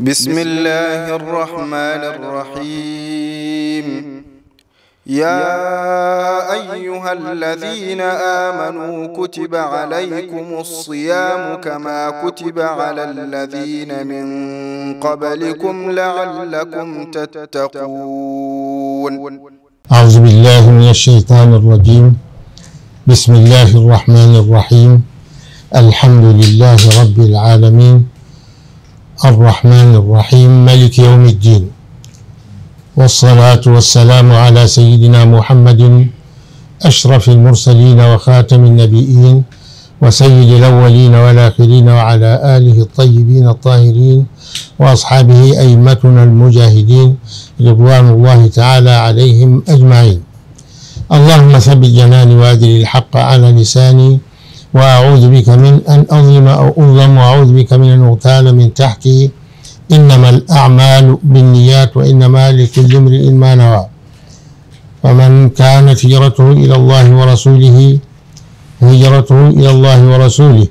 بسم الله الرحمن الرحيم يا أيها الذين آمنوا كتب عليكم الصيام كما كتب على الذين من قبلكم لعلكم تتقون أعوذ بالله من الشيطان الرجيم بسم الله الرحمن الرحيم الحمد لله رب العالمين الرحمن الرحيم ملك يوم الدين والصلاة والسلام على سيدنا محمد أشرف المرسلين وخاتم النبيين وسيد الأولين والآخرين وعلى آله الطيبين الطاهرين وأصحابه أئمتنا المجاهدين رضوان الله تعالى عليهم أجمعين اللهم ثبت جناني وأدري الحق على لساني وأعوذ بك من أن أظلم أو أظلم وأعوذ بك من أن أغتال من تحتي إنما الأعمال بالنيات وإنما لكل امرئ ما نوى فمن كانت هجرته إلى الله ورسوله هجرته إلى الله ورسوله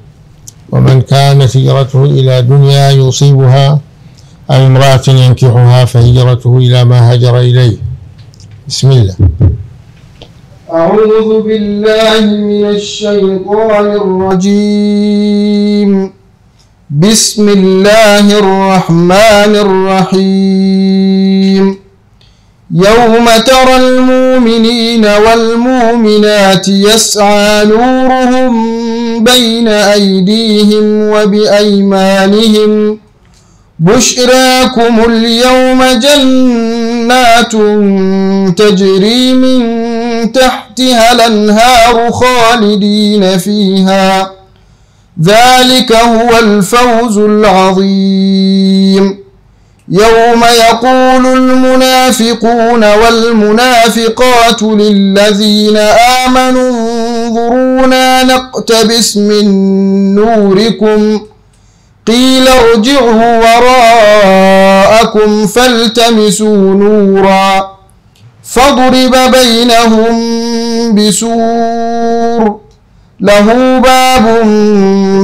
ومن كانت هجرته إلى دنيا يصيبها أو امرأة ينكحها فهجرته إلى ما هجر إليه بسم الله أعوذ بالله من الشيطان الرجيم بسم الله الرحمن الرحيم يوم ترى المؤمنين والمؤمنات يسعى نورهم بين أيديهم وبأيمانهم بشراكم اليوم جنات تجري من تحتها الانهار خالدين فيها ذلك هو الفوز العظيم يوم يقول المنافقون والمنافقات للذين آمنوا انظرونا نقتبس من نوركم قيل ارجعوا وراءكم فالتمسوا نوراً فضرب بينهم بسور له باب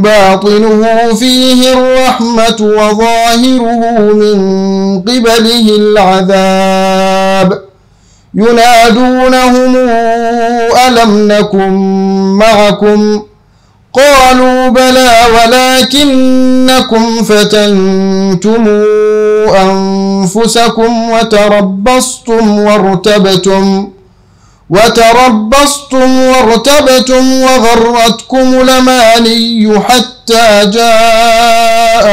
باطنه فيه الرحمة وظاهره من قبله العذاب ينادونهم ألم نكن معكم ؟ قالوا بلى ولكنكم فتنتم أنفسكم وتربصتم وارتبتم وتربصتم وارتبتم وغرتكم الأماني حتى جاء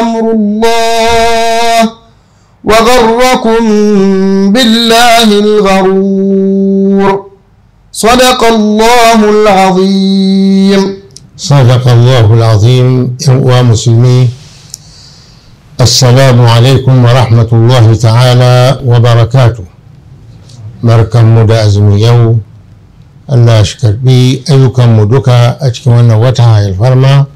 أمر الله وغركم بالله الغرور صدق الله العظيم صدق الله العظيم ومسلمي السلام عليكم ورحمة الله تعالى وبركاته مركم مدى Allah shi karbi ayyukanmu duka a cikin wannan wata alfarma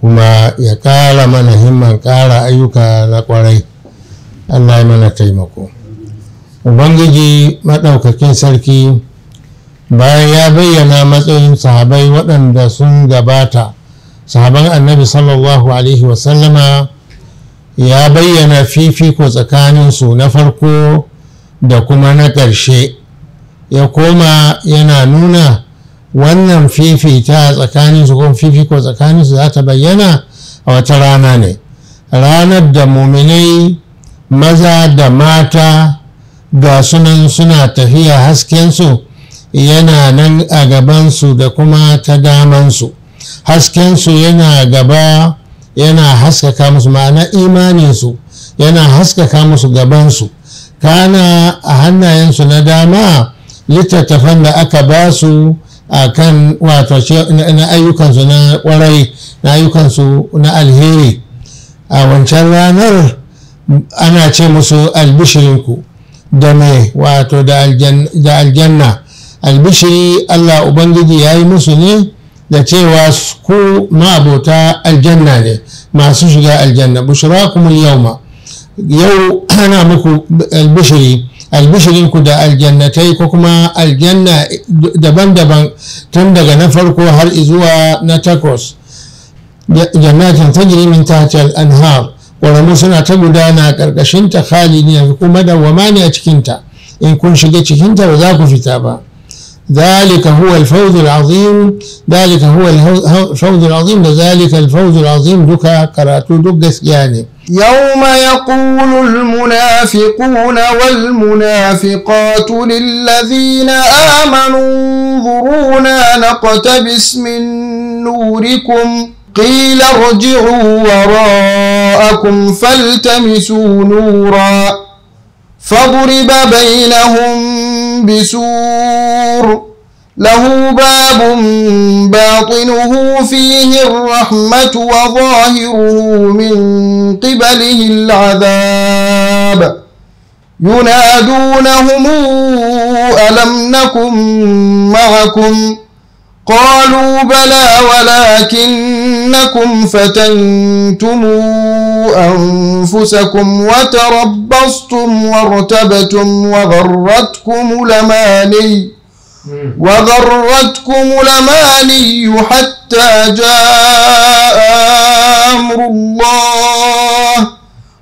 kuma ya ƙara mana himman ƙara ayyuka na ƙwarai Allah ya mana taimako Ubangiji maɗaukakin sarki bayan ya bayyana matsayin sahabai waɗanda sun gabata sahaban annabi sallallahu alaihi wasallama ya bayyana fifiko tsakaninsu na farko da kuma na ƙarshe ya koma yana nuna wannan fifita tsakaninsu ko fifiko tsakaninsu za ta bayyana a wata rana ne ranar da muminai maza da mata ga sunan suna tafiya haskensu yana nan a gabansu da kuma ta damansu haskensu yana gaba yana haskaka musu ma'ana imaninsu yana haskaka musu gabansu kana a hannayensu na dama littattafan da aka ba su a kan wato na ayyukansu na kwarai na ayyukansu na alheri a wancan ranar ana ce musu albishirinku da mai wato da aljanna albishiri allah ubangiji ya yi musu ne da cewa ku mabota aljanna ne masu shiga aljanna bushra kuma ma yau ana muku albishiri ku da aljannatai ko kuma aljanna daban-daban tun daga na farko har zuwa na takwas jannatin tajri min ta al-anhar ƙwararru suna ta gudana ƙarƙashinta khalidina kuma dawwama ne a cikinta in kun shiga cikinta ba za ku fita ba ذلك هو الفوز العظيم ذلك هو الفوز العظيم ذلك الفوز العظيم دكا قراتو دكس يعني يوم يقول المنافقون والمنافقات للذين آمنوا انظرونا نقتبس من نوركم قيل ارجعوا وراءكم فالتمسوا نورا فضرب بينهم بسور له باب باطنه فيه الرحمة وظاهره من قبله العذاب ينادونهم ألم نكن معكم ؟ قالوا بلى ولكنكم فتنتم أنفسكم وتربصتم وارتبتم وغرتكم لماني وغرتكم لماني حتى جاء أمر الله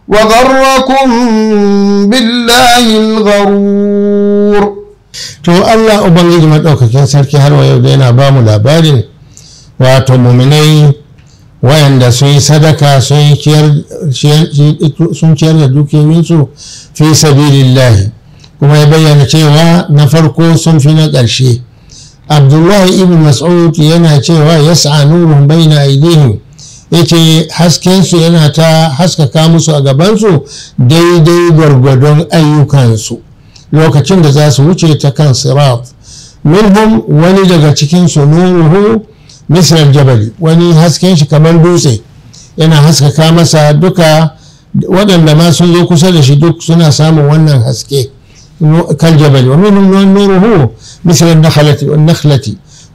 وغركم بالله الغرور to allah ubangiji maɗaukakin sarki har wa yau da yana ba mu labarin wato muminai wayanda sun yi sadaka sun ciyar da dukiyoyinsu fi sabilillahi kuma ya bayyana cewa na farko sun fi na ƙarshe abdullahi ibn mas'ud yana cewa ya yas'a nurun baina aidihim yace haskensu yana ta haskaka musu a gabansu daidai gwargwadon ayyukansu lokacin da za su wuce ta kan sirat minhum wani daga cikin su nuruhu misrar jabali wani hasken shi kamar dutse yana haskaka masa duka waɗanda ma sun zo kusa da shi duk suna samun wannan haske kan jabali wani nuruhu misrar nakhlati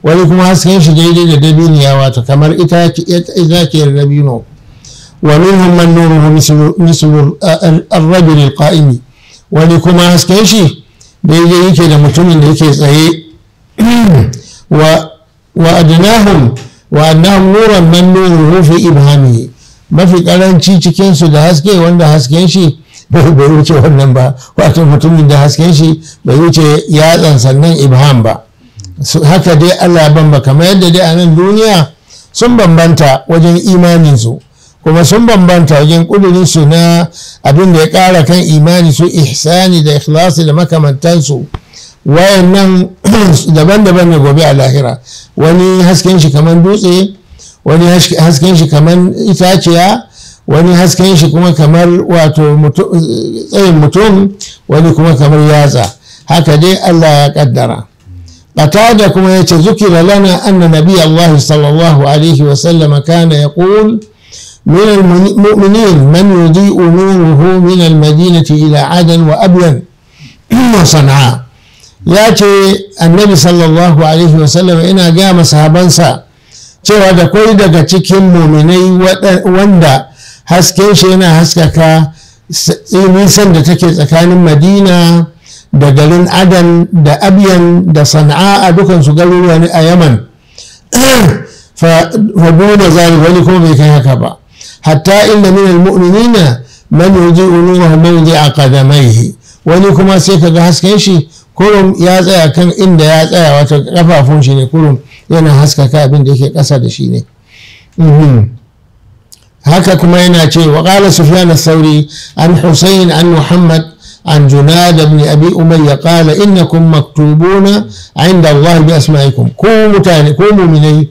wani kuma hasken shi daidai da dabiniya wato kamar itaciyar dabino wa minhum man nuruhu mislu arrajul qa'imi wani kuma hasken shi daidai yake da mutumin da yake tsaye wa adnahum wa annahum nuran man nuru ibhami mafi karanci cikinsu da haske wanda hasken shi bai wuce wannan ba wato mutumin da hasken shi bai wuce yatsan sannan ibham ba haka dai Allah bamba kamar yadda dai a nan duniya sun bambanta wajen imaninsu kuma sun bambanta wajen ƙudurin su na abin da ya ƙara kan imani su ihsani da ikhlasi da makamantansu nan daban-daban ne gobe a lahira wani hasken shi kamar dutse wani hasken shi kamar itaciya wani hasken shi kuma kamar wato tsayin mutum wani kuma kamar yatsa haka dai Allah ya kaddara قتادة كما يتذكر لنا أن نبي الله صلى الله عليه وسلم ya يقول من المؤمنين من يضيء نوره من المدينة إلى عدن وأبين وصنعاء ya ce annabi sallallahu alaihi wasallam ina gaya masahabansa cewa da kwai daga cikin muminai wanda hasken shi yana haskaka nisan da take tsakanin madina da garin adan da abiyan da sana'a a dukansu garuruwa a yaman fa dole zari wani kuma bai kai haka ba hatta inda min almu'minina man yuji'u nurahu mawdi'a qadamaihi wani kuma sai kaga hasken shi kurum ya tsaya kan inda ya tsaya wato kafafun shi ne kurum yana haskaka abin da yake kasa da shi ne mhm. haka kuma yana ce wa qala sufyan as-sauri an husayn an muhammad عن جناد بن أبي أمية قال إنكم مكتوبون عند الله بأسمائكم كونوا متاني كونوا مني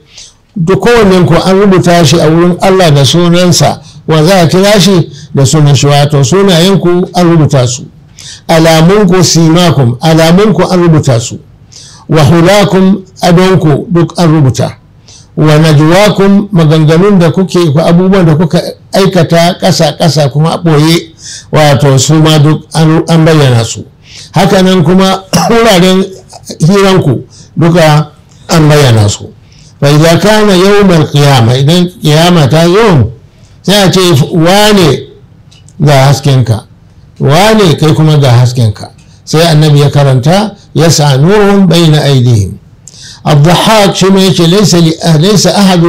duk kowanne ku an rubuta shi a wurin Allah da sunansa wa za a kira shi da sunan shi wato sunayen ku an rubuta su alamun ku simakum alamun ku an rubuta su wa hulakum adonku duk an rubuta wa najwakum maganganun da kuke ku abubuwan da kuka aikata kasa kasa kuma a wato su ma duk an bayyana su hakanan kuma wuraren hiranku duka an bayyana su fa idza kana yawmal qiyama idan kiyama ta zo sai a ce wane ga haskenka wane kai kuma ga haskenka sai annabi ya karanta ya sa nurun bayna aidihim الضحاك شو يجي ليس ليس احد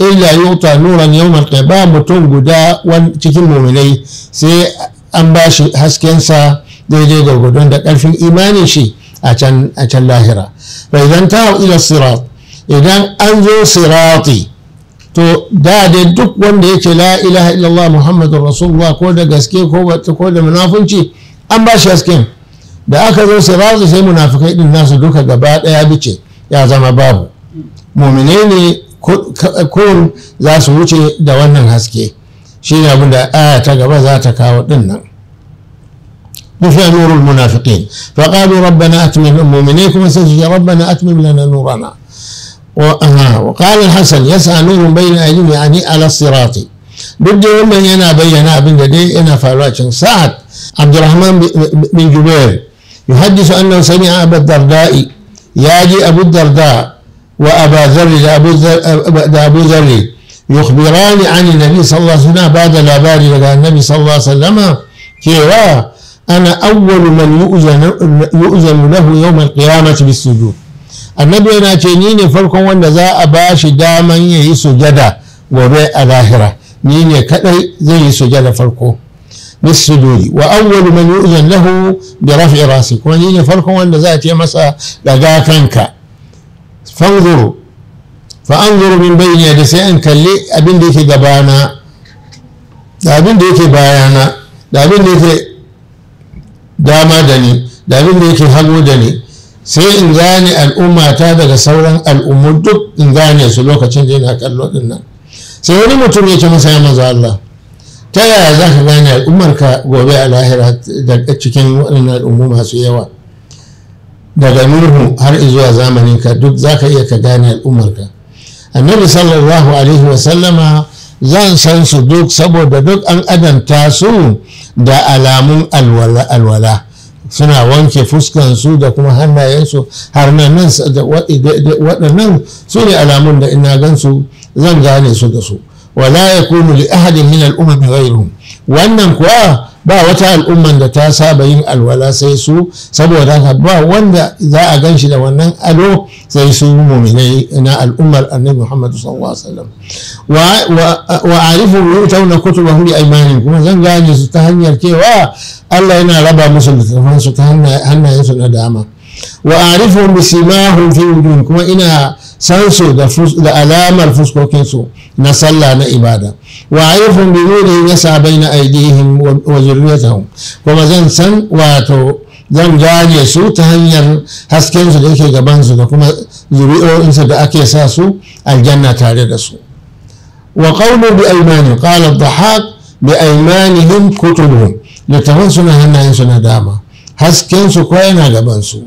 الا يعطى نورا يوم القيامه متون غدا وان cikin mu'minai sai an bashi haskensa daidai da gudun da karfin imanin shi a can lahira fa idan ta ila sirat idan an zo sirati to da da duk wanda yake la ilaha illallah muhammadun rasulullah ko da gaske ko da munafunci an ba shi hasken da aka zo sirati sai munafukai din nasu duka gaba daya bice ya zama babu mumine ne kun za su wuce da wannan haske shi ne abin aya ta gaba za ta kawo din nan نفع نور المنافقين فقالوا ربنا أتمم كما سيجي ربنا أتمم لنا نورنا آه. وقال الحسن يسألون من بين ايديهم يعني على الصراط. بدي ومن انا بينا بن دي انا فالواتشن سعد عبد الرحمن بن جبير يحدث انه سمع ابا الدرداء ياجي ابو الدرداء وابا ذر لابو ذر يخبران عن النبي صلى الله عليه وسلم بعد لا باري النبي صلى الله عليه وسلم كيرا انا اول من يؤذن يؤذن له يوم القيامه بالسجود. annabi yana ce ni ne farkon wanda za a ba shi daman ya yi sujada gobe a lahira ni ne kadai zai yi sujada farko bisuduri wa awwalu man yu'zan lahu bi raf'i rasi kuma ni ne farkon wanda za a ce masa daga kanka fanzuru fa anzuru min bayni da sai an kalli abin da yake gabana da abin da yake bayana da abin da yake dama da ni da abin da yake hagu da ni sai in gane al'ummata daga sauran al'ummu duk in gane su lokacin da yana kallo din sai wani mutum ya ce masa ya manzo Allah ta yaya za ka gane al'ummarka gobe a lahira da cikin waɗannan al'ummu masu yawa daga nuhu har zuwa zamanin ka duk za ka iya ka gane al'ummarka annabi sallallahu alaihi wa sallama zan san su duk saboda duk an adanta su da alamun alwala suna wanke fuskansu da kuma hannayensu har nan waɗannan su ne alamun da ina gansu zan gane su da su wala ya kunu li ahadin min al'umma ghairuhum wannan kuwa ba wata al'umman da ta saba yin alwala sai su saboda haka ba wanda za a gan shi da wannan ado sai su muminai na al'ummar annabi Muhammad sallallahu alaihi wasallam wa arifu yu'tawna kutubahum bi kuma zan gane su ta hanyar cewa Allah yana raba musu littafan su ta hannayensu na dama wa arifun bi simahum fi kuma ina san su da alamar fuskokin su na sallah na ibada wa arifun bi nurihim yasa baina aydihim wa zurriyatihim kuma zan san wato zan gane su ta hanyar hasken su da yake gaban su da kuma zuri'o'insa da ake sa su aljanna tare da su wa qawlu bi aymani qala ad-dhahak bi aymanihim kutubuhum littafan suna hannayen su na dama hasken su ko yana gaban su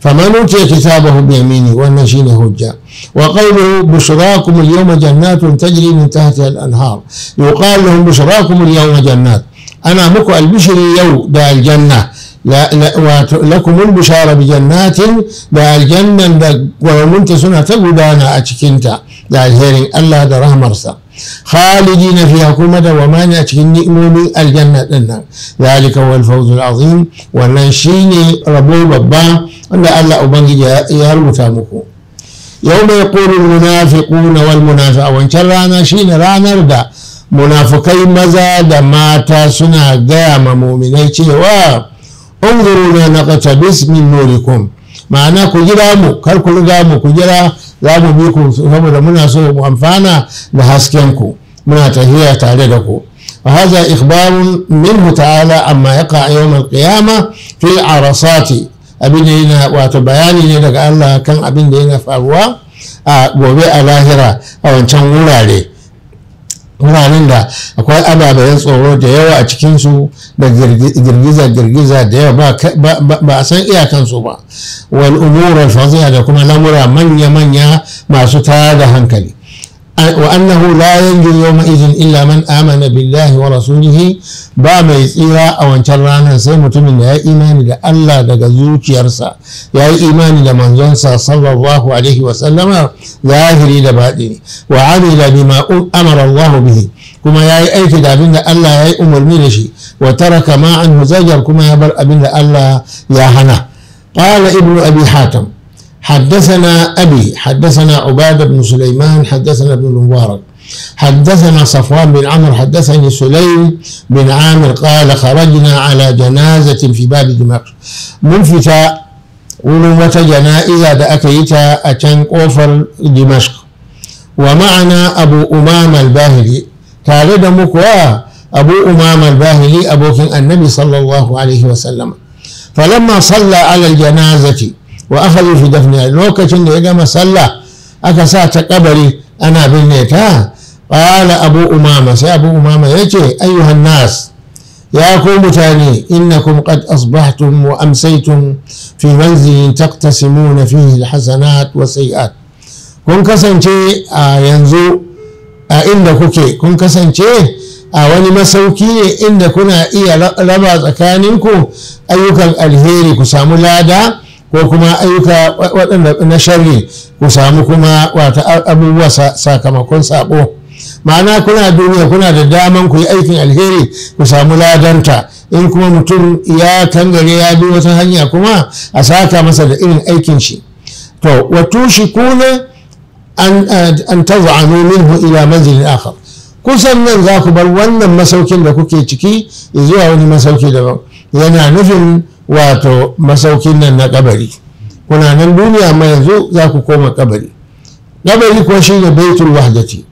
فمن اوتي كتابه بيمينه والنجين هجا وقوله بشراكم اليوم جنات تجري من تحتها الانهار يقال لهم بشراكم اليوم جنات انا مكو البشري يو دا الجنه لا لا لكم البشاره بجنات دا الجنه دا ومنت سنه تقول انا اتشكنت دا الهيرين الله دا رحمرسه khalidina fiha kuma da wamani a cikin ni'imomin aljanna din nan zalika wal fawzul azim wannan shine rabo babba wanda Allah ubangiji ya rubuta muku yawma yaqulu al munafiquna wal munafiqa wancan rana shine ranar da munafukai maza da mata suna gaya ma muminai cewa unzuruna naqtabis min nurikum ma'ana ku jira mu kar ku riga mu ku jira za mu bi ku saboda muna so mu amfana da hasken ku. muna tahiya tare da ku wa hada ikhbarun min ta'ala amma yaqa yawm al-qiyama fi arasat abinda yana wato bayani ne daga Allah kan abin da yana faruwa a gobe a lahira a wancan wurare biranen da akwai ababen tsoro da yawa a cikinsu da girgiza-girgiza da yawa ba a san iyakansu ba wal umurar faziya da kuma lamura manya-manya masu tara da hankali وأنه لا ينجو يومئذ إلا من آمن بالله ورسوله ba mai tsira a wancan ranar sai mutumin da ya yi imani da Allah daga zuciyarsa ya yi imani da manzonsa sallallahu alaihi wa sallama zahiri da baɗini wa amila bima amara Allah bihi kuma ya yi aiki da abin da Allah ya yi umarni da shi wa an ma an kuma ya bar abin da Allah ya hana qala ibnu abi hatim حدثنا أبي حدثنا عبادة بن سليمان حدثنا ابن المبارك حدثنا صفوان بن عمرو حدثني سليم بن عامر قال خرجنا على جنازة في باب دمشق ملفتا ولمة جنائزة دا اتيت أتن أوفر دمشق ومعنا أبو أمامة الباهلي تارد مكوا أبو أمامة الباهلي أبو النبي صلى الله عليه وسلم فلما صلى على الجنازة wa akhadhu fi dafniha lokacin da ya gama sallah aka sa ta kabari ana binne ta qala abu umama sai abu umama yace ayyuhan nas ya ku mutane innakum qad asbahtum wa amsaytum fi manzilin taqtasimuna fihi alhasanat wa sayiat kun kasance a yanzu a inda kuke kun kasance a wani masauki ne inda kuna iya raba tsakaninku ayyukan alheri ku samu lada ko kuma ayyuka waɗanda na sharri ku samu kuma wata abubuwa sakamakon sabo ma'ana kuna duniya kuna da daman ku yi aikin alheri ku samu ladanta in kuma mutum ya tangare ya bi wata hanya kuma a saka masa da irin aikin shi to wa shi kuna eh, an taz'anu hu ila manzilin akhar kusan nan za ku bar wannan masaukin da kuke ciki zuwa wani masauki daban yana nufin wato masaukin nan na kabari kuna nan duniya ma yanzu za ku koma kabari kabari ko shi ne baitul wahdati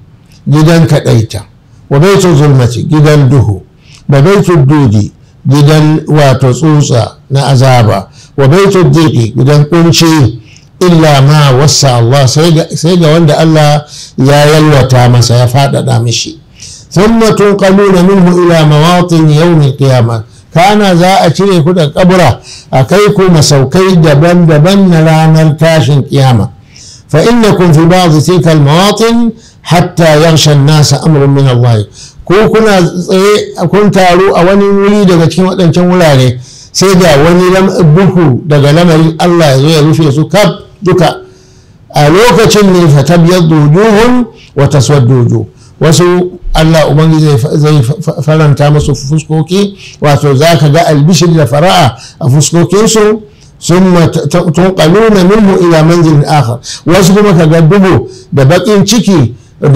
gidan kadaita wa baitul zulmati gidan duhu wa baitul dudi gidan wato tsutsa na azaba wa baitul diki gidan kunci illa ma wasa Allah sai ga wanda Allah ya yalwata masa ya faɗaɗa mishi ثم تنقلون منه إلى مواطن يوم القيامة kana za a cire ku da kabura a kai ku masaukai daban-daban na ranar tashin kiyama fa kun fi ba'dhi tilka al-mawatin hatta yarshen nasa amurin min Allah ko kuna tsaye kun taru a wani wuri daga cikin waɗancan wurare sai da wani buhu daga lamarin Allah ya zo ya rufe su kaf duka a lokacin ne fa tabyaddu wujuhum wa taswaddu wasu Allah ubangiji zai faranta masu fuskoki wato za ka ga albishir da fara'a a fuskokinsu ثم na منه الى منزل اخر wasu kuma ka ga dubu da bakin ciki da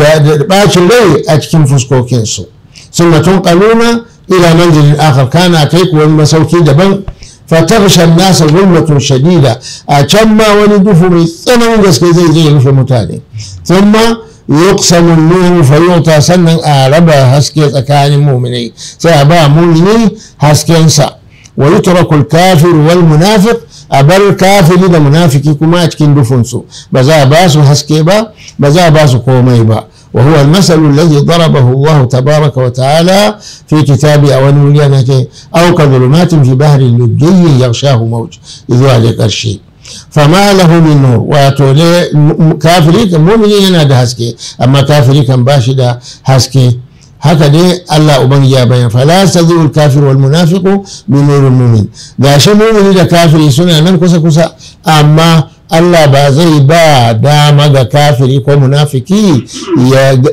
bacin rai a cikin fuskokinsu ثم تنقلون الى منزل اخر kana kai kuwa masauki daban shan nasa zulmatun shadida a can ma wani duhu mai tsananin gaske zai zai rufe mutane ma. يقسم النور فيعطى سنة أعربا هسكية أكاني مؤمني سأبا مؤمني هسكي أنسى ويترك الكافر والمنافق أبر كافر لدى منافق كما أتكين دفنسو بزا باسو هسكي با بزا باسو قومي با وهو المثل الذي ضربه الله تبارك وتعالى في كتاب أوان أو كظلمات في بحر لجي يغشاه موج إذ عليك الشيب fama lahu minhu wato ne kafiri kan mumini yana da haske amma kafiri kan ba shi da haske haka dai Allah ubangiji ya bayan fala sazul kafir wal munafiqu min nurul mumin gashi mumini da kafiri suna nan kusa kusa amma Allah ba zai ba dama ga kafiri ko munafiki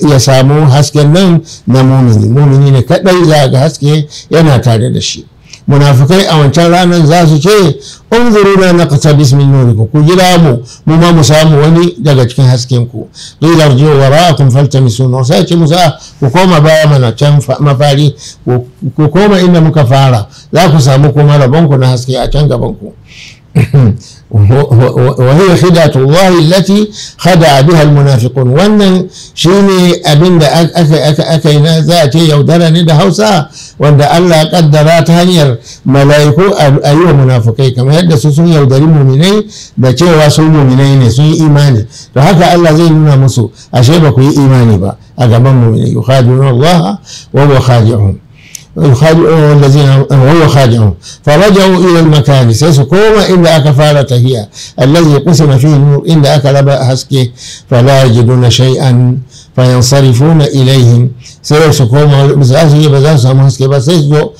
ya samu hasken nan na mumini mumini ne kadai za ga haske yana tare da shi munafikai a wancan ranar za su ce zuru na kasar bismin nuriku ku ku jira mu mu ma mu samu wani daga cikin hasken ku kun falta wara'akum suna sai ce musa ah, ku koma baya mana can mafari ku koma inda muka fara za ku samu kuma rabon ku na haske a can gabanku. وهي خدعة الله التي خدع بها المنافقون wannan shine abin da aka yi na za a ce yaudara ne da hausa wanda Allah kaddara ta hanyar mala'iku a yi wa munafukai kamar yadda su sun yaudari muminai da cewa sun muminai ne sun yi imani to haka Allah zai nuna musu ashe ba ku yi imani ba a gaban muminai yukhadi'un Allah wa huwa khadi'un يخادعون الذين هو خادعهم فرجعوا الى المكان sai su koma inda aka fara tahiya allazi qusima fihi nur inda aka raba haske fala yajiduna shay'an fayansarifuna ilaihim sai su koma ba za su yi ba za su samu haske ba sai su zo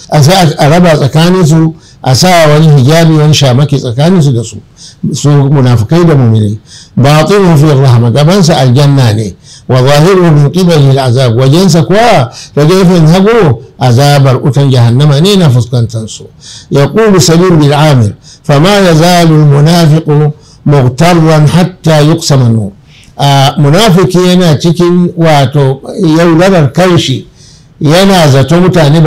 a raba tsakanin su a sa wani hijabi shamaki tsakanin su da da mumini ba rahma gaban aljanna ne wa zahiru min qibali azab wajensa kuwa da gefen hagu azabar utan jahannama ne na fuskantar su yaqulu sabir bil amil fama yazalu al munafiqu mughtarran hatta yuqsama nur munafiki yana cikin wato yaularar kanshi yana zato mutane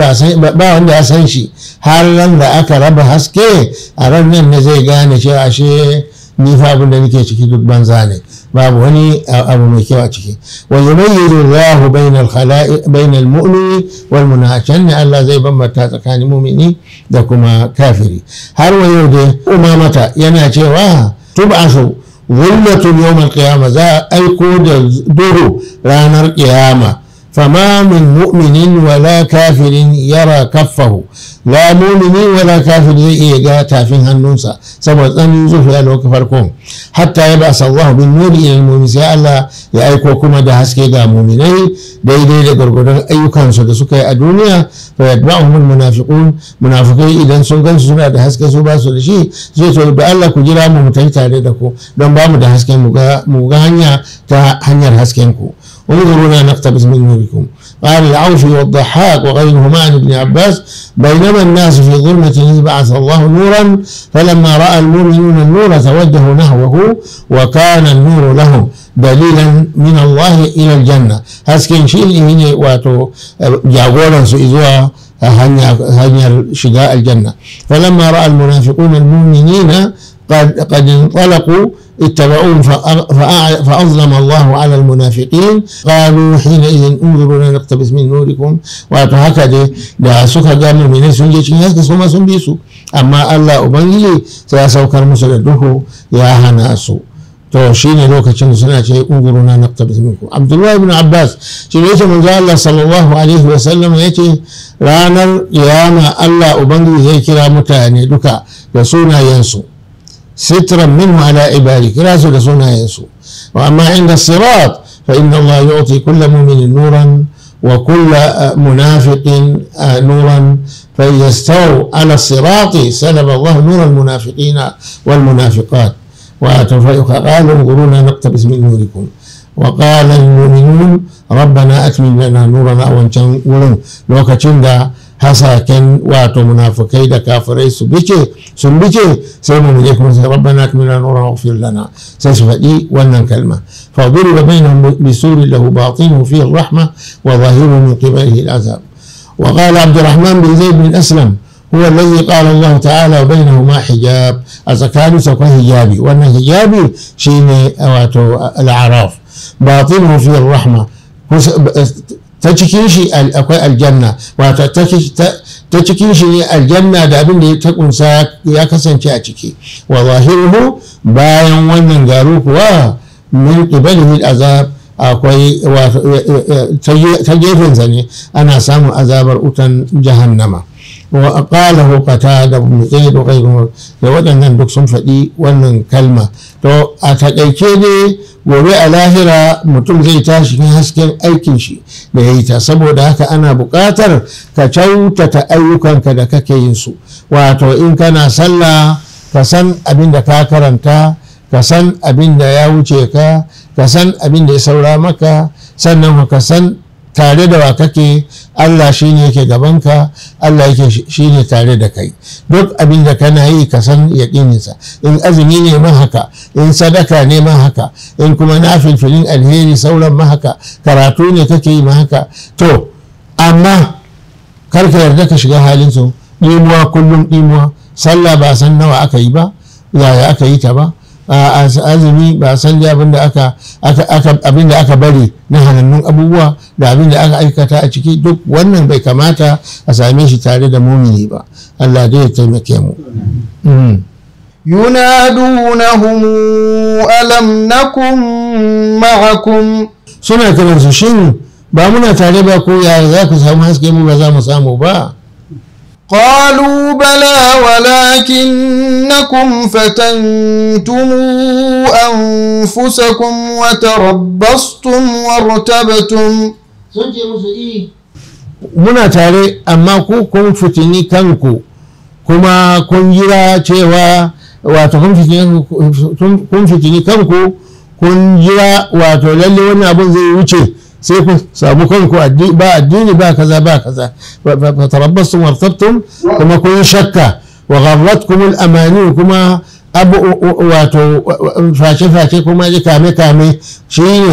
ba wanda ya san shi har ran da aka raba haske a ran nan ne zai gane shi a ashe ni fa abin da nake ciki duk banza ne babu wani abu mai kyau a ciki wa yumayyizu Allahu bainal khala'i bainal mu'mini wal munafiqin Allah zai bambanta tsakanin mu'mini da kuma kafiri har wa yau dai umamata yana cewa tub'asu zullatun yawmal qiyamah za aiko da doro ranar ƙiyama. فما من wala ولا كافر يرى كفه لا مؤمن ولا كافر zai iya ga tafin hannunsa saboda tsanin zuciya lokacin farkon hatta ya ba'sa Allah bin nuri ila mu'min sai Allah ya aiko kuma da haske ga mu'minai daidai da gargadon ayyukansu da suka yi a duniya fa yadba'uhum munafiqun munafiqai idan sun gansu suna da haske su basu da shi zai to da Allah ku jira mu mu tare da ku don ba mu da hasken mu ga hanya ta hanyar hasken ku لا نقتبس من نوركم قال العوفي والضحاك وغيرهما عن ابن عباس بينما الناس في ظلمة إذ بعث الله نورا فلما رأى المؤمنون النور توجهوا نحوه وكان النور لهم دليلا من الله إلى الجنة هسكن شيء هنا واتو جاغولا سئزوها هنيا شداء الجنة فلما رأى المنافقون المؤمنين قد قد انطلقوا اتبعوه فأظلم الله على المنافقين قالوا حينئذ انظروا نقتبس من نوركم wato haka dai da suka ga mummune sun je cikin yaki su ma sun bi su amma Allah ubangiji sai ya saukar musu da duhu ya hana su to shine lokacin suna ce unguru na naqtabis minkum Abdullahi ibn Abbas shi ne yace manzo Allah sallallahu alaihi wa sallam yace ranar kiyama Allah ubangiji zai kira mutane duka da sunayensu سترا منه على عباده لا يا يسوع وأما عند الصراط فإن الله يعطي كل مؤمن نورا وكل منافق آه، نورا فيستو على الصراط سلب الله نور المنافقين والمنافقات وآتوا قالوا انظرونا نقتبس من نوركم وقال المؤمنون ربنا أتمن لنا نورنا وانشان لو تشندا حساكن واتو منافقين كافرين سبيكي سبيكي سيما إليكم سي ربنا أكمل نورا واغفر لنا سيسفة إي وأنا كلمة فضرب بينهم بسور له باطنه فيه الرحمة وظاهره من قبله العذاب وقال عبد الرحمن بن زيد بن أسلم هو الذي قال الله تعالى بينهما حجاب أزكاني سوى هجابي وأن هجابي شيني أواتو العراف باطنه فيه الرحمة ta cikin shi akwai aljanna wato ta cikin shi ne aljanna da abin da ta kunsa ya kasance a ciki wa zahiruhu bayan wannan garu kuwa min qibalihi azab akwai e, e, e, ta gefen zane ana samun azabar utan jahannama wa aqalahu qatada ibn zaid wa da waɗannan duk sun faɗi wannan kalma to a taƙaice ne gobe a lahira mutum zai tashi cikin hasken aikin shi da ya yi ta saboda haka ana buƙatar ka kyautata ayyukanka da kake yin su wato in kana sallah ka san abin da ka karanta ka san abin da ya wuce ka ka san abin da ya saura maka sannan ka san tare da wa kake Allah shi ne yake gabanka Allah yake shi ne tare da kai duk abin da kana yi ka san yaƙininsa in azumi ne ma haka in sadaka ne ma haka in kuma na filfilin alheri sauran ma haka karatu ne kake yi ma haka to amma kar ka yarda ka shiga halin su ɗimuwa kullum ɗimuwa sallah ba san nawa aka yi ba yaya aka yi ta ba a azumi ba a san abin da aka bari na hanannun abubuwa da abin da aka aikata a ciki duk wannan bai kamata a same shi tare da mumini ba Allah dai ya taimake mu mm. yunadunahum alam nakum ma'akum suna kiransu shin ba muna tare ba ko yaya za ku samu haske mu ba za mu samu ba قالوا بلى ولكنكم فتنتم أنفسكم وتربصتم وارتبتم muna tare amma ku kun fitini kanku kuma kun jira cewa wato kun fitini kanku kun jira wato wani abun zai wuce sai ku samu kanku ba addini ba kaza ba kaza fa tarabbastum wartabtum kuma kun shakka wa gharratkum al-amani kuma abu wato face-face kuma ji kame-kame shi ne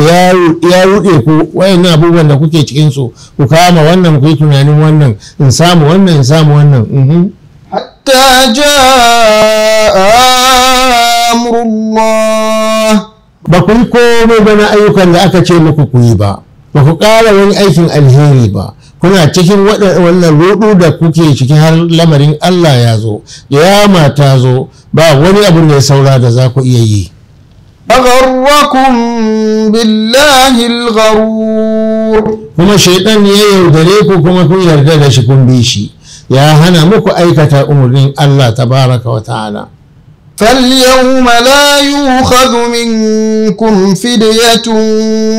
ya ruɗe ku wayannan abubuwan da kuke cikin su ku kama wannan ku yi tunanin wannan in samu wannan in samu wannan mhm. hatta ja amrullah ba ku yi komai bana ayyukan da aka ce muku ku yi ba ba ku ƙara wani aikin alheri ba kuna cikin wannan rudu da kuke ciki har lamarin Allah ya zo ya mata zo ba wani abu ne saura da za ku iya yi فغركم بالله الغرور kuma shaidan ya yaudare ku kuma kun yarda da shi kun bi shi ya hana muku aikata umarnin Allah tabaraka wa ta'ala فاليوم لا يؤخذ منكم فدية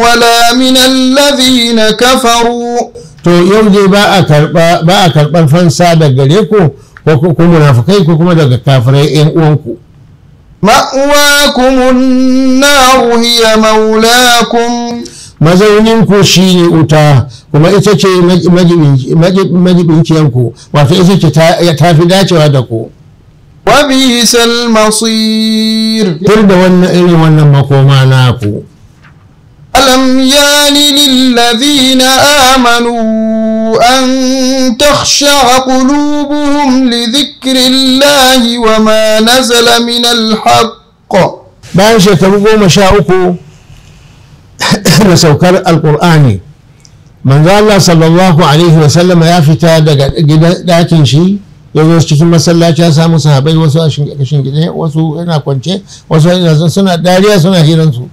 ولا من الذين كفروا to yau dai ba a karba ba a karban fansa daga gare ku ko ku munafikai ko kuma daga kafirai ƴan uwanku ma'wakumun nar hiya maulakum mazaunin ku shine wuta kuma ita ce majibinciyan ku wato ita ce ta fi dacewa da ku وبئس المصير ترد وانا إلي وانا مقوما ناكو ألم يان للذين آمنوا أن تخشع قلوبهم لذكر الله وما نزل من الحق بان تبقوا مشاؤكو نسوكر القرآن من قال الله صلى الله عليه وسلم يا فتاة دا دا ya wasu cikin masallaci ya samu sahabai wasu a shingide wasu yana kwance wasu yana suna dariya suna hiransu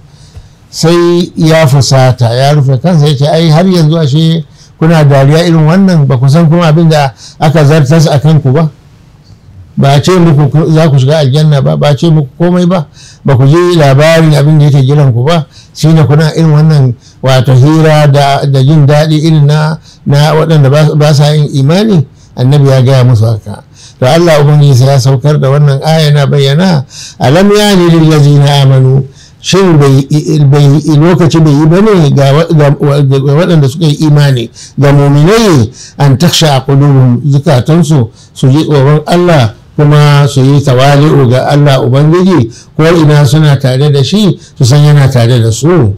sai ya fusata ya rufe kansa ya ce ai har yanzu ashe kuna dariya irin wannan ba ku san kuma abin da aka zartas a kanku ba ba ce muku za ku shiga aljanna ba ba ce muku komai ba ba ku je labarin abin da yake gidan ku ba ne kuna irin wannan wato hira da jin daɗi irin na waɗanda ba sa yin imani annabi ya gaya musu haka to Allah ubangiji ya saukar da wannan aya na bayyana alam ni lil ladina amanu shin bai lokaci bai yi ba ne ga waɗanda suka yi imani ga muminai an taksha a zakatun su su ji tsoron Allah kuma su yi tawali'u ga Allah Ubangiji ko ina suna tare da shi su san yana tare da su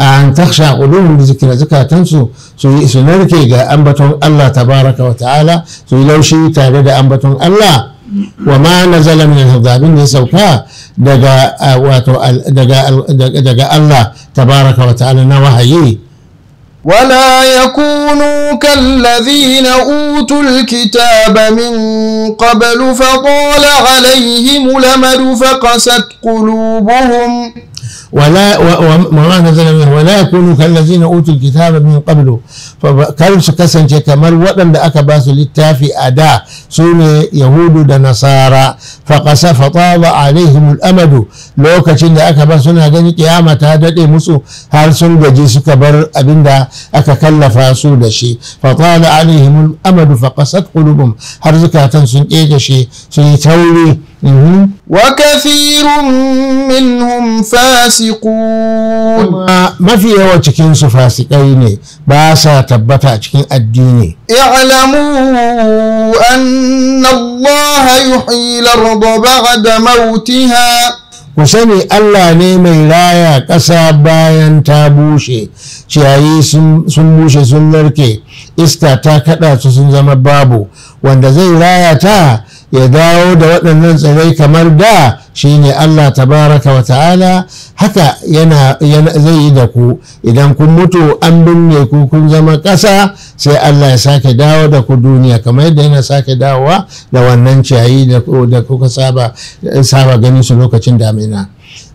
أن تخشى قلوبهم بذكر زكاة تنسو سنركي أنبتهم الله تبارك وتعالى لو شيء تابد أنبتهم الله وما نزل من الهضابين سوكا دقا آه، واتو دقا دقا الله تبارك وتعالى نوحي ولا يكونوا كالذين أوتوا الكتاب من قبل فطال عليهم الامل فقست قلوبهم ولا وما نزل منه ولا يكونوا كالذين اوتوا الكتاب من قبله فكانوا سكسن كمر ودن da aka basu littafi a da sune yahudu da nasara fa qasa fa taba alaihim al lokacin da aka ba suna ganin kiyama daɗe musu har sun gaji suka bar abinda aka kallafa su da shi fa tala alaihim al-amad fa qasat har zukatan sun kege shi sun yi tauri Mhm. وكثير منهم فاسقون ما في يوا cikin su fasikai ne ba sa tabbata cikin addini i'lamu anna Allah yuhyi al-ardha ba'da mautiha ku sani Allah ne mai raya ƙasa bayan ta bushe ciyayi sun bushe sun narke iska ta kaɗa su sun zama babu wanda zai raya ta ya dawo da waɗannan tsirrai kamar da shine Allah tabaraka wa ta'ala haka yana, zai yi da ku idan kun mutu an binne ku kun zama ƙasa sai Allah ya sake dawo da ku duniya kamar yadda yana sake dawowa da wannan ciyayi da kuka saba, gani su lokacin damina.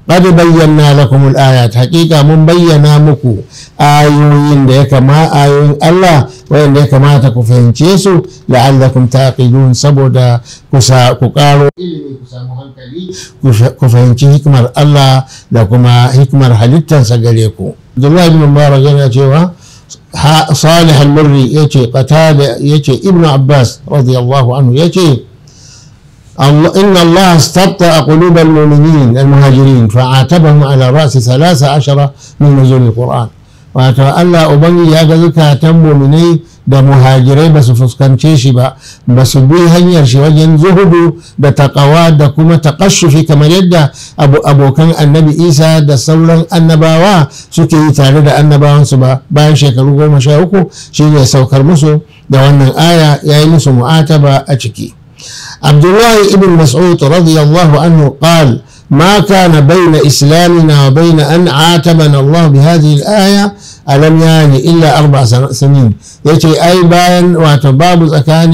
qad bayyana lakum al-ayat haqiqa mun bayyana muku ayoyin da ya kama ayoyin Allah wayanda ya kamata ku fahimce su la'allakum taqilun saboda ku ku karo ku fahimci hikmar Allah da kuma hikmar halittarsa gare ku Abdullahi ibn Mubarak yana cewa صالح المري يجي Abbas يجي ابن عباس رضي الله عنه يجي إن الله استبطأ قلوب المؤمنين المهاجرين فعاتبهم على رأس ثلاثة عشر من نزول القرآن wato Allah Ubangi ya ga zukatan muminai da muhajirai ba su fuskance shi ba ba su bi hanyar shi wajen zuhudu da takawa da kuma takashufi kamar yadda abokan annabi isa da sauran annabawa suke yi tare da annabawansu ba bayan shekaru goma sha uku shi ne saukar musu da wannan aya ya yi musu mu'ataba a ciki عبد الله بن مسعود رضي الله عنه قال ما كان بين إسلامنا وبين أن عاتبنا الله بهذه الآية ألم يعني إلا أربع سنين يتي أي باين واتو باب زكان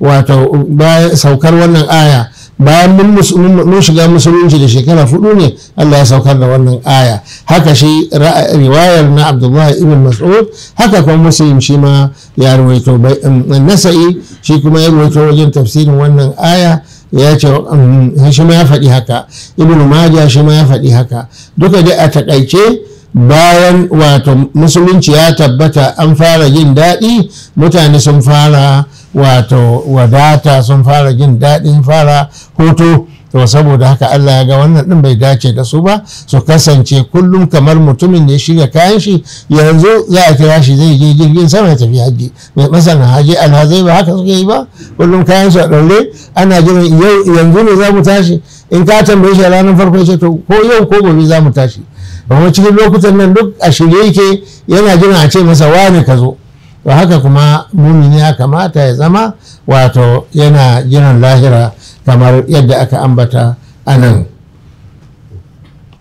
واتو باين سوكر آية bayan mun shiga musulunci da shekara fudu ne Allah ya saukar da wannan aya haka shi riwayar na abdullah ibn Mas'ud haka kuma Muslim shi ma ya rawaito um, Nasa'i shi kuma ya rawaito wajen tafsirin wannan aya ya ce um, shi ma ya faɗi haka ibn Majah shi ma ya faɗi haka duka dai a takaice bayan wato musulunci ya tabbata an fara yin daɗi mutane sun fara wato wadata sun fara jin daɗin fara hoto to saboda haka Allah ya ga wannan ɗin bai dace da su ba su kasance kullum kamar mutumin ya shiga kayan shi yanzu za a kira shi zai je jirgin sama ya tafi haji mai masana haji alhazai ba haka suke yi ba kullum kayan su a ɗaure ana jiran yau yanzu ne za mu tashi in ka tambaye shi a ranar farko ce to ko yau ko gobe za mu tashi kuma cikin lokutan nan duk a shirye yake yana jiran a ce masa wane ka zo to haka kuma mumini ya kamata ya zama wato yana jiran lahira kamar yadda aka ambata a nan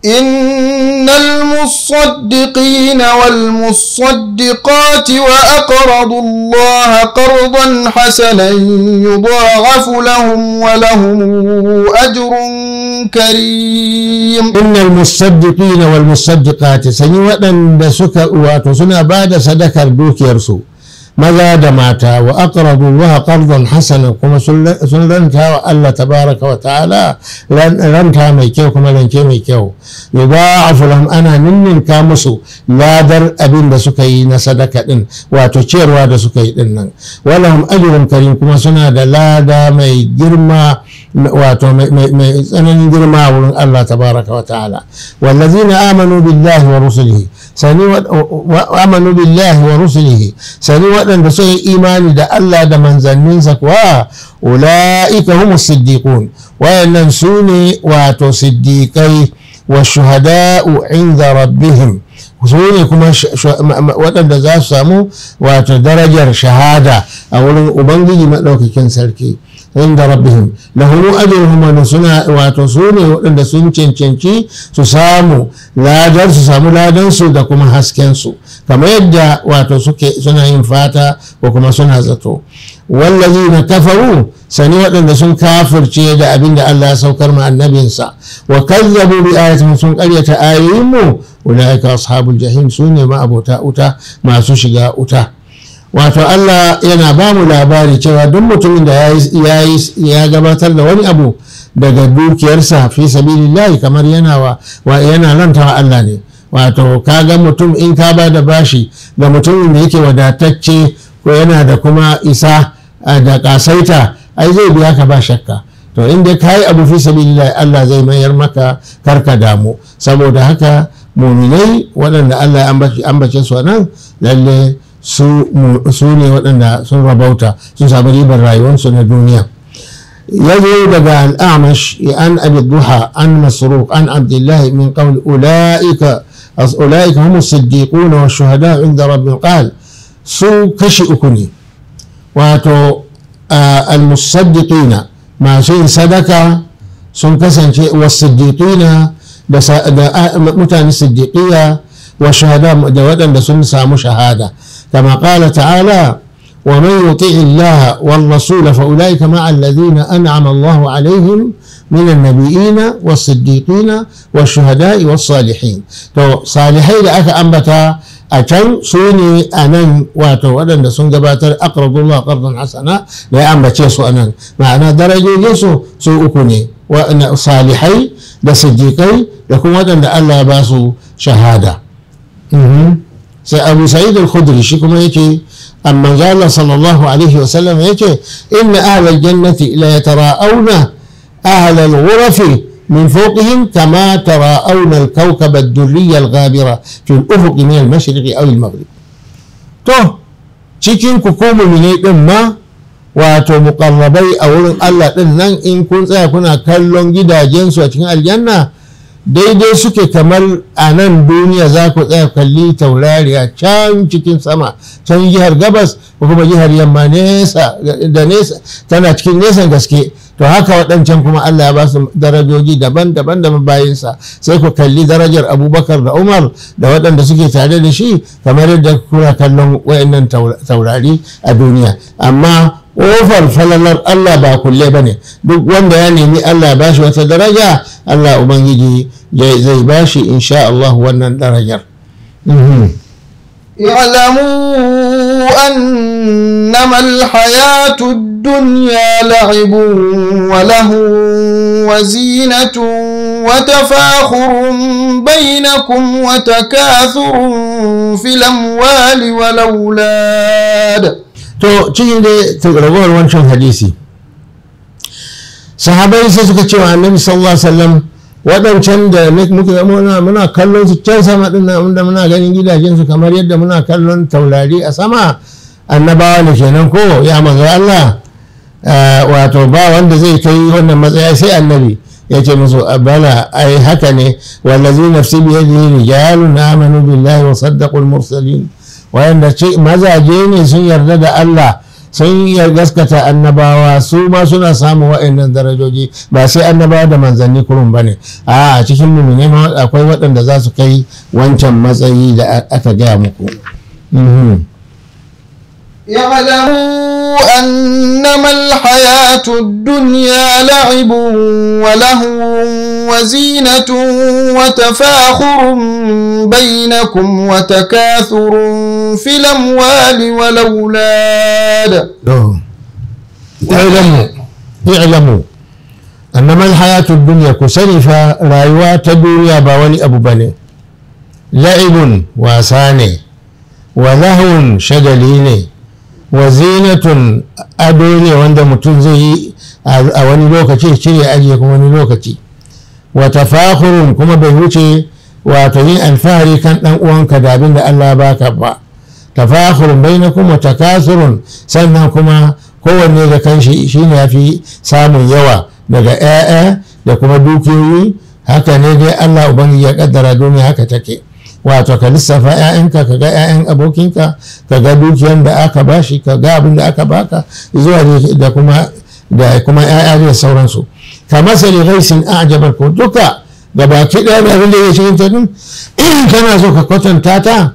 إن المصدقين والمصدقات وأقرضوا الله قرضا حسنا يضاعف لهم ولهم أجر كريم إن المصدقين والمصدقات سنوات سكا واتو سنة بعد صدق الدوك يرسو maza da mata wa aqrabu wa qardan hasana kuma sun ranta wa Allah tabaraka wa ta'ala ranta mai kyau kuma ranke mai kyau yudha'afu lahum ana ninninka musu ladar abin da suka yi na sadaka din wato ciyarwa da suka yi din nan walahum ajrun karim kuma suna da lada mai girma wato mai tsananin girma wurin Allah tabaraka wa ta'ala wallazina amanu billahi wa rusulihi sani wa amanu billahi wa rusulihi sani waɗanda suka yi imani da Allah da manzanninsa kuwa ula'ika humu siddiqun wayannan su ne wato siddiqai wa shuhada'u inda rabbihim su ne kuma waɗanda za su samu wato darajar shahada a wurin ubangiji maɗaukakin sarki inda rabbihim lahum ajruhum wa suna wato su waɗanda sun cancanci su samu ladan su samu ladan su da kuma hasken su kamar yadda wato suke suna yin fata ko kuma suna zato wallazi na kafaru sani waɗanda sun kafirce da abin da Allah ya saukar ma annabinsa wa kazzabu bi ayatin sun mu? ayoyinmu ulaika ashabul jahim sune ma abota uta masu shiga uta wato Allah yana ba mu labari cewa duk mutumin da ya gabatar da wani abu daga dukiyarsa fi sabilillahi kamar yana wa yana Allah ne wato ka ga mutum in ka ba da bashi ga mutumin da yake wadatacce ko yana da kuma isa da kasaita ai zai biya ka ba shakka to inda ka yi abu fi sabilillahi Allah zai mayar maka karka damu saboda haka muminai waɗanda Allah ya ambace su nan lalle su ne waɗanda sun rabauta sun sami ribar rayuwarsu na duniya ya daga al'amash ya an abi an masruq an abdullahi min qawl ulaika as ulaika wa shuhada inda rabbil qal su kashi uku wato al masu ma sadaka sun kasance wa siddiqina da mutane siddiqiya wa shahada da waɗanda sun samu shahada كما قال تعالى ومن يطع الله والرسول فاولئك مع الذين انعم الله عليهم من النبيين والصديقين والشهداء والصالحين تو صالحي لك انبتا اجل سوني انا واتو ودن سون غباتر اقرض الله قرضا حسنا لا انبت سو انا معنى درجه يسو سو اكوني وان صالحي لصديقي يكون ودن الله باسو شهاده. أبو سعيد الخدري شكما يكي أما قال صلى الله عليه وسلم يكي إن أهل الجنة لا يتراءون أهل الغرف من فوقهم كما تراءون الكوكب الدري الغابرة في الأفق من المشرق أو المغرب تو تشيكين كوكوم من إما واتو مقربي أو الله إن كنت أكون كلون جدا جنس وتنع الجنة daidai suke kamar a nan duniya za ku tsaya kalli taurariya can cikin sama can jihar gabas ko kuma jihar yamma nesa da nesa tana cikin nesan gaske to haka waɗancan kuma Allah ya ba su darajoji daban-daban da mabayinsa sai ku kalli darajar abubakar da umar da waɗanda suke tare da shi kamar yadda kuna kallon wayannan taurari a duniya amma ƙofar falalar Allah ba kulle ba ne duk wanda ya nemi Allah ba shi wata daraja Allah Ubangiji zai ba shi insha Allah wannan darajar. Ya'lamu mhm. an al-hayatu dunya la'ibu wa lahu wa zinatu wa tafakhurun bainakum wa takathurun fil amwali wal awlad to cikin da tsagarawar wancan hadisi sahabbai sai suka ce wa annabi sallallahu waɗancan da muke muna muna kallon su can sama ɗin nan inda muna ganin gidajen su kamar yadda muna kallon taurari a sama annabawa ne kenan ko ya manzo Allah eh, wato ba wanda zai kai wannan matsaya sai annabi ya ce musu bala ai haka ne wallazi nafsi bi yadihi rijalun amanu billahi wa saddaqul mursalin wayanda mazaje ne sun yarda da Allah sun iya gaskata annabawa su ma suna samun waɗannan darajoji ba sai annabawa da manzanni kurun ba ne a cikin ne ma akwai waɗanda za su kai wancan matsayi da aka gaya muku يعلموا أنما الحياة الدنيا لعب ولهو وزينة وتفاخر بينكم وتكاثر في الأموال والأولاد اعلموا اعلموا أنما الحياة الدنيا كسنفة ba الدنيا باوني أبو بني لعب واساني ولهو ne. wazinatun ado ne wanda mutum zai yi a wani lokaci cire ajiye kuma wani lokaci wata kuma bai wuce wato yin alfahari kan ɗan uwanka da abin da Allah baka ba tafakhurun bainakum wa takasurun sannan kuma kowanne da kanshi shine yafi samun yawa daga ƴaƴa da kuma dukiyoyi haka ne dai Allah ubangiji ya kaddara duniya haka take wato ka lissafa 'ya'yanka ka ga ƴaƴan abokinka ka ga dukiyan da aka bashi ka ga abin da aka baka zuwa da kuma da kuma 'ya'ya da sauransu ka masali raisin a'jabar ko duka Gaba baki ɗaya da abin da ya cikin kana so ka kwatanta ta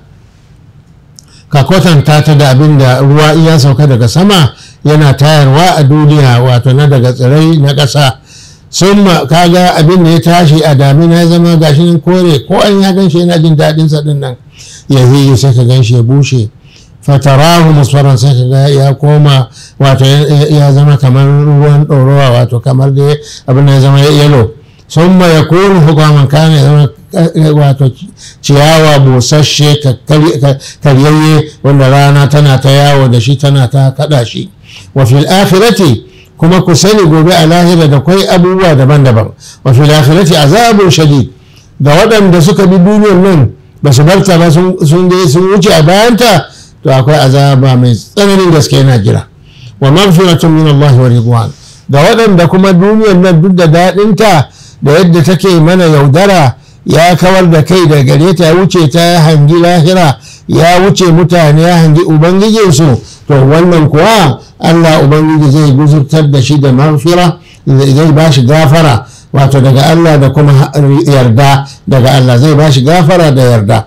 ka kwatanta ta da abin da ruwa iya sauka daga sama yana tayarwa a duniya wato na daga tsirai na ƙasa sun ma kaga abin da ya tashi a damina ya zama gashi nan kore ko an ya ganshi yana jin daɗin sa din nan ya yi sai ka ganshi ya bushe fatarahu musfaran sai ka ga ya koma wato ya zama kamar ruwan ɗorowa wato kamar da abin da ya zama yalo sun ma ya kone hukaman kana ya zama Eh, wato ciyawa busasshe karyayye wanda rana tana ta yawo da shi tana ta kada shi wa fil akhirati kuma ku sani gobe a lahira da kwai abubuwa daban-daban wa fil akhirati azabun shadid Da waɗanda suka bi duniyar nan ba su barta ba sun je sun wuce a bayanta to akwai azaba mai tsananin gaske yana jira wa maghfiratun min Allah wa ridwan Da waɗanda kuma duniyar nan duk da daɗinta da yadda take mana yaudara ya kawar da kai da gare ta wuce ta ya hangi lahira ya wuce mutane ya hangi ubangijinsu to wannan kuwa allah ubangiji zai guzurtar da shi da mafira zai ba shi gafara wato daga allah da kuma yarda daga allah zai ba shi gafara da yarda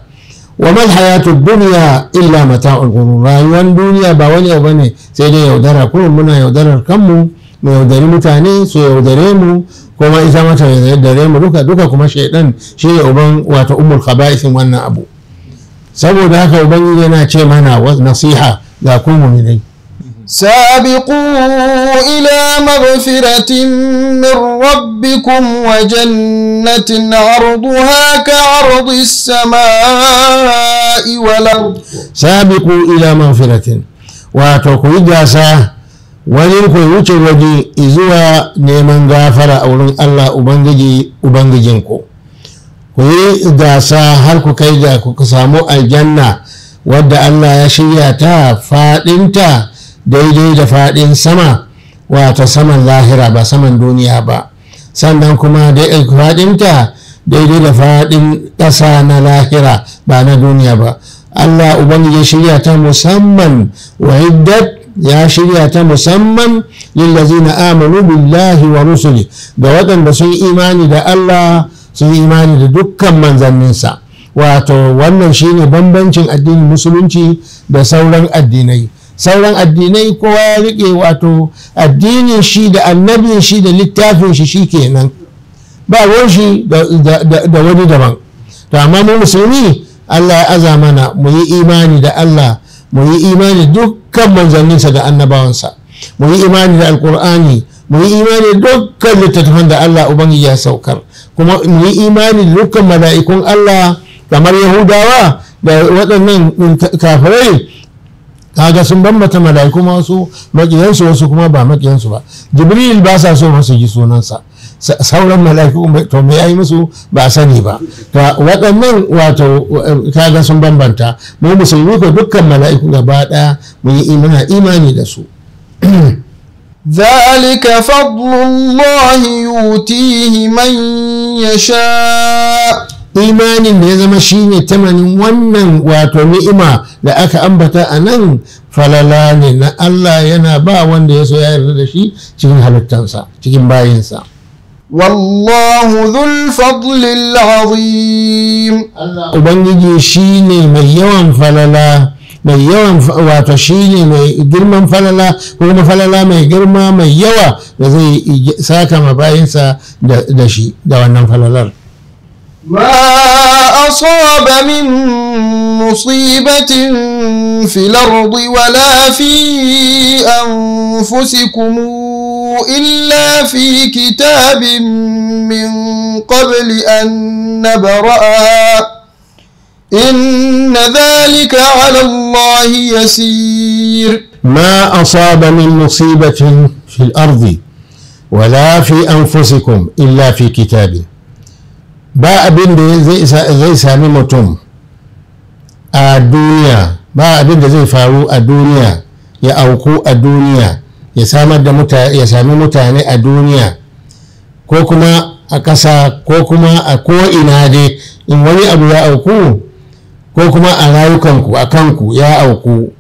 wa mal hayatu dunya illa mata'ul ghurur rayuwar duniya ba wani abu ne sai dai yaudara ku muna yaudarar kanmu mu yaudari mutane su yaudare mu kuma isa mata da mu duka duka kuma shaidan shi ne uban wato umul khaba'isin wannan abu saboda haka ubangiji yana ce mana nasiha ga ku mu'minai سابقوا إلى مغفرة من ربكم وجنة عرضها كعرض السماء والأرض سابقوا إلى مغفرة وتقوي جاسا wani ku wuce waje zuwa neman gafara a wurin Allah ubangiji ubangijinku ku yi gasa har ku kai ga ku samu aljanna wadda Allah ya shirya ta faɗinta daidai da faɗin sama wata saman lahira ba saman duniya ba sannan kuma faɗinta daidai da faɗin ƙasa na lahira ba na duniya ba Allah ubangiji shirya ta musamman wa hiddat ya shirya ta musamman na amanu billahi wa rusuli ga waɗanda sun imani da Allah sun imani da dukkan manzanninsa wato wannan shine bambancin addinin musulunci da sauran addinai sauran addinai kowa ya riƙe wato addinin shi da annabin shi da littafin shi shi kenan ba ruwan shi da wani daban to amma mu musulmi Allah ya aza mana mu yi imani da Allah mu yi imani dukkan manzanninsa da annabawansa mu yi imani da alkur'ani mu yi imani dukkan littattafan da Allah ubangiji ya saukar kuma mu yi imani da dukkan mala'ikun Allah kamar yahudawa da waɗannan kafirai kaga sun bambata mala'iku masu maƙiyansu wasu kuma ba maƙiyansu ba jibril ba sa so masu ji sunansa sauran mala'iku to me yayi musu ba sani ba to waɗannan wato um, kaga sun bambanta mu musulmi ko dukkan mala'iku gaba ɗaya mu yi imani da su ذلك فضل الله يؤتيه من يشاء imanin da ya zama shine tamanin wannan wato ni'ima da aka ambata a nan falala ne na Allah yana ba wanda ya so ya yarda da shi cikin halittansa cikin bayinsa wallahu dhul fadlil azim ubangiji shine mai yawan falala mai yawan wato shine mai girman falala ko kuma falala mai girma mai yawa da zai saka mabayinsa da shi da wannan falalar ما أصاب من مصيبة في الأرض ولا في أنفسكم إلا في كتاب من قبل أن نبرأها إن ذلك على الله يسير ما أصاب من مصيبة في الأرض ولا في أنفسكم إلا في كتاب باء بن ذي zai الدنيا باء بن ذي فارو الدنيا يا أوكو الدنيا ya samar da ya sami mutane a duniya ko kuma a ƙasa ko kuma a ko'ina dai in wani abu ya auku ko kuma a rayukanku a kanku ya auku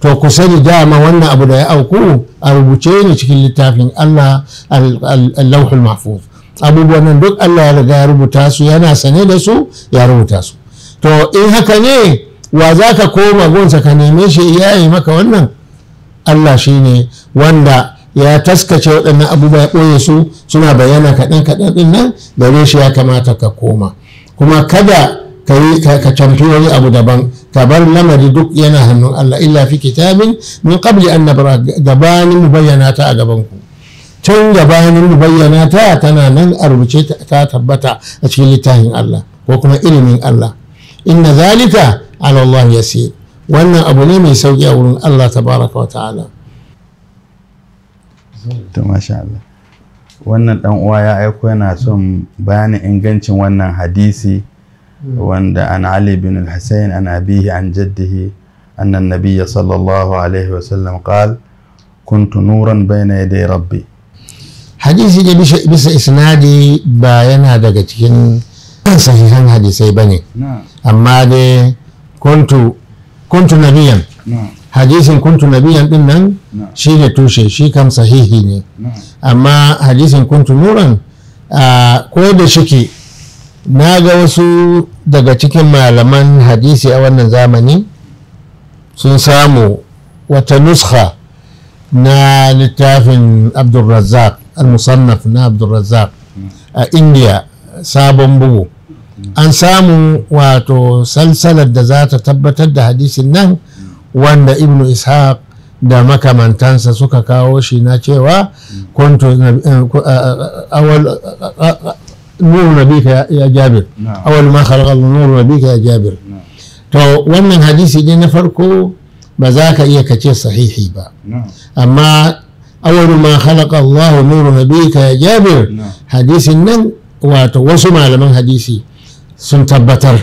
to ku sani dama wannan abu da ya auku a rubuce ne cikin littafin Allah al mahfuz abubuwan nan duk Allah ya riga rubuta su yana sane da su ya rubuta su to in haka ne wa za ka koma gonsa ka neme shi iyaye maka wannan Allah shi ne wanda ya taskace waɗannan abubuwa ya ɓoye su suna bayyana kaɗan kaɗan ɗin nan da shi ya kamata ka koma kuma kada ka yi ka camfi wani abu daban ka bar lamari duk yana hannun Allah illa fi kitabin min qabli an nabra gabanin mu bayyana ta a gaban ku tun gabanin mu bayyana ta tana nan a rubuce ta tabbata a cikin littafin Allah ko kuma ilimin Allah inna zalika ala Allah yasir wannan abu ne mai sauki a wurin Allah ta baraka wa ta'ala to masha Allah wannan dan uwa ya aiko yana son bayanin ingancin wannan hadisi wanda an Ali bin al-Husayn an abihi an jaddihi annan an-nabiyya sallallahu alaihi wa sallam qala kuntu nuran bayna yaday rabbi hadisi ne bisa isnadi ba yana daga cikin sahihan hadisai bane amma dai kuntu kuntu nabiyan hadisin kuntu nabiyan din nan shi ne tushe shi kam sahihi ne amma hadisin kuntu nuran ko da shike na ga wasu daga cikin malaman hadisi a wannan zamani sun samu wata nuskha na littafin abdurrazzak al-musannaf na abdurrazzak a indiya sabon bugu an samu wato salsalar da za ta tabbatar da hadisin nan wanda ibnu ishaq da makamantansa suka kawo shi na cewa kuntu eh, eh, awal eh, nuru nabika ya jabir awal ma khalaqa nuru nabika ya jabir to wannan hadisi ne na farko ba za ka iya kace sahihi ba amma awal ma khalaqa Allah nuru nabika ya jabir hadisin nan wato wasu malaman hadisi sun tabbatar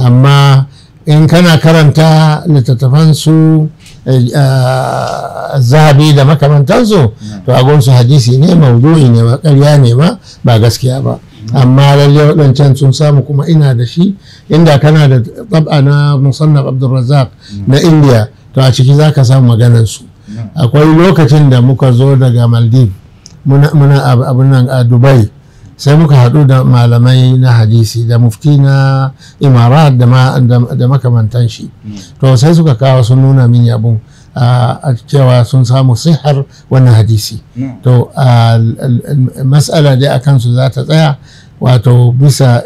amma in kana karanta littattafan su eh, ah, zabi da makamantansu to agonsu hadisi ne maudu'i ne ba ƙarya ne ma ba gaskiya ba amma lalle waɗancan sun samu kuma ina da shi inda kana da tsaba na musannaf abdulrazak na indiya to a ciki za ka samu maganansu akwai lokacin da muka zo daga maldiv muna abin nan a dubai sai muka haɗu da malamai na hadisi da mufti na imarat da makamantan shi hmm. to sai suka kawo sun nuna min abun a cewa sun samu sihar wannan hadisi hmm. to matsala dai a kansu za ta tsaya wato bisa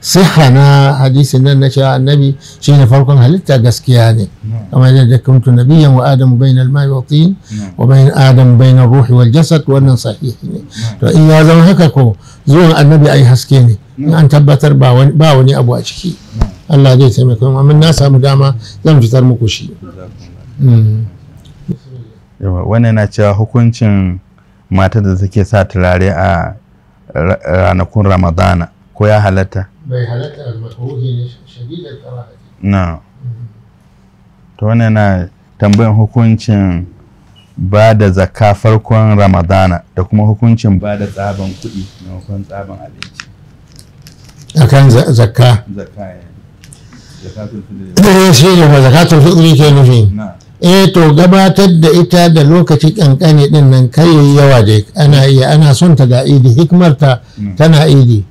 siha na hadisi nan na cewa annabi shi ne farkon halitta gaskiya ne hmm. kama yadda kuntu nabiyan wa adamu bainal mai wa tin wa bain adam bainar ruhi wal jasad wannan sahihi ne to in ya zama haka ko zuwan annabi ai haske ne in an tabbatar ba wani abu a ciki Allah zai taimaka mu amma na samu dama zan fitar muku shi wannan na cewa hukuncin matar da take sa turare a ranakun ramadana ko ya halatta bai halatta almakaruhi ne shadidar na mm-hmm. to wannan na tambayan hukuncin ba da zakka farkon ramadana da kuma hukuncin ba da tsaban kuɗi maimakon tsaban abinci akan zaka zakka ya eh. eh, shi ne ba zakatul ɗuri ke nufi eh to gabatar da ita da lokaci kankane din nan kai yawa da ana iya ana son ta da idi hikmarta tana idi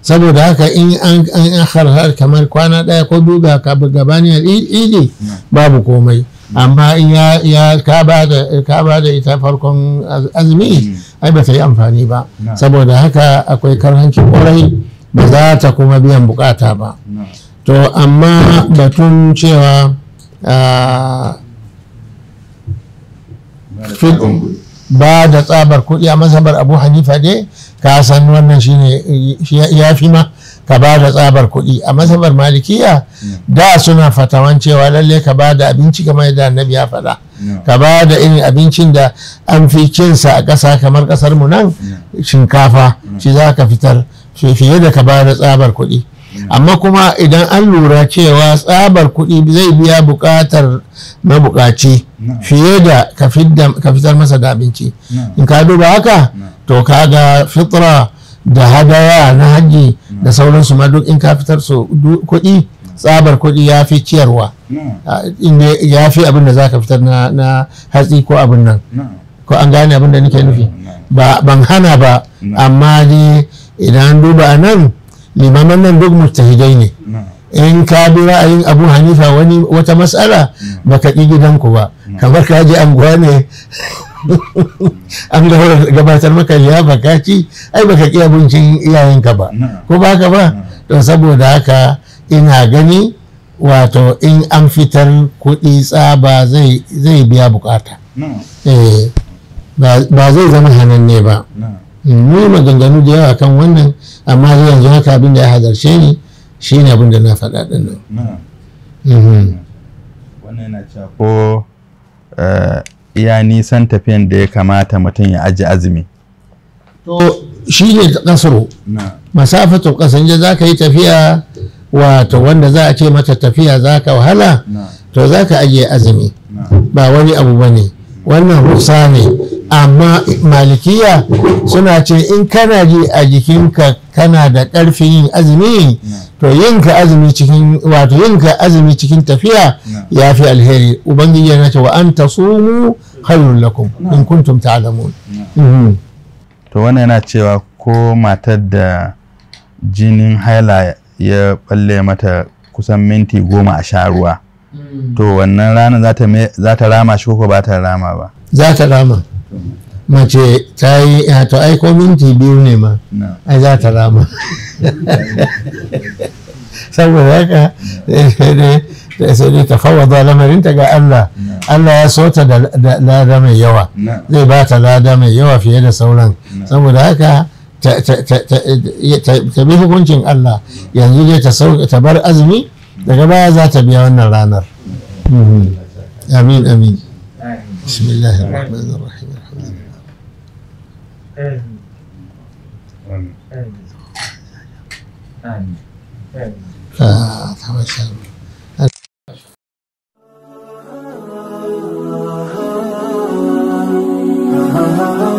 saboda haka in an an kamar kwana daya ko biyu ga gabanin idi babu komai amma ya ka ba da ita farkon azumi mm. ai ba ta yi amfani ba saboda haka akwai karhanci kwarai ba za ta kuma biyan bukata ba to amma batun cewa ba da tsabar kuɗi a masabar abu hanifa dai ka san wannan shi ya fi ma ka ba da tsabar kuɗi a masabar malikiya da suna fatawan cewa lalle ka ba da abinci kamar yadda annabi ya faɗa ka ba da irin abincin da an fi cinsa a ƙasa kamar ƙasar mu nan shinkafa shi za ka fitar fiye da ka ba da tsabar kuɗi amma kuma idan an lura cewa tsabar kuɗi zai biya buƙatar mabuƙaci fiye da ka fitar masa da abinci in ka duba haka to kaga fitra da hadaya na hajji da sauransu ma duk in ka fitar su kuɗi tsabar kuɗi ya fi ciyarwa ah, ya fi abin da za ka fitar na hatsi ko abin nan ko an gane abin da nake nufi ba ban hana ba amma dai idan duba a nan limaman nan duk mutahidai ne in ka bi ra'ayin abu hanifa wani wata matsala baka ƙi gidanku ba kamar ka je anguwa ne an gabatar maka liyafa baka ci ai baka ki abincin iyayenka ba ko ba ba to saboda haka ina gani wato in an fitar kuɗi tsaba zai biya bukata eh, ba zai zama hananne ba mm, mu maganganu da yawa kan wannan amma yanzu haka abin da ya hadarce ni shine abin da na faɗa ɗin nan mhm. wannan yana cewa ko eh, iya nisan tafiyan da ya kamata mutum ya aji azumi to shi ne kasaro masafatu kasanje za ka yi tafiya wato wanda za a ce mata tafiya za ka wahala to za ka ajiye azumi ba wani abu ba ne wannan rusa ne amma malikiya suna ce in kana ji a jikinka kana da ƙarfin yin azumi to yinka azumi cikin wato yinka azumi cikin tafiya ya fi alheri ubangiji yana ce wa an sumu khairun lakum in kuntum ta'lamun mm-hmm. Mm-hmm. to wannan yana cewa ko matar da jinin haila ya balle mata kusan minti goma a sha ruwa Hmm. to wannan ranar za ta rama shi ko ba ta rama ba za ta rama mace ta yi to ai ko minti biyu ne ma ai za ta rama saboda haka eh, sai dai ta fawada lamarinta ga Allah Allah ya so ta da lada mai yawa zai ba ta lada mai yawa fiye da sauran saboda haka ta bi hukuncin Allah yanzu zai ta bar azumi daga baya za ta biya wannan ranar amin amin bismillahir rahmanir rahim آمين آمين Uh-huh.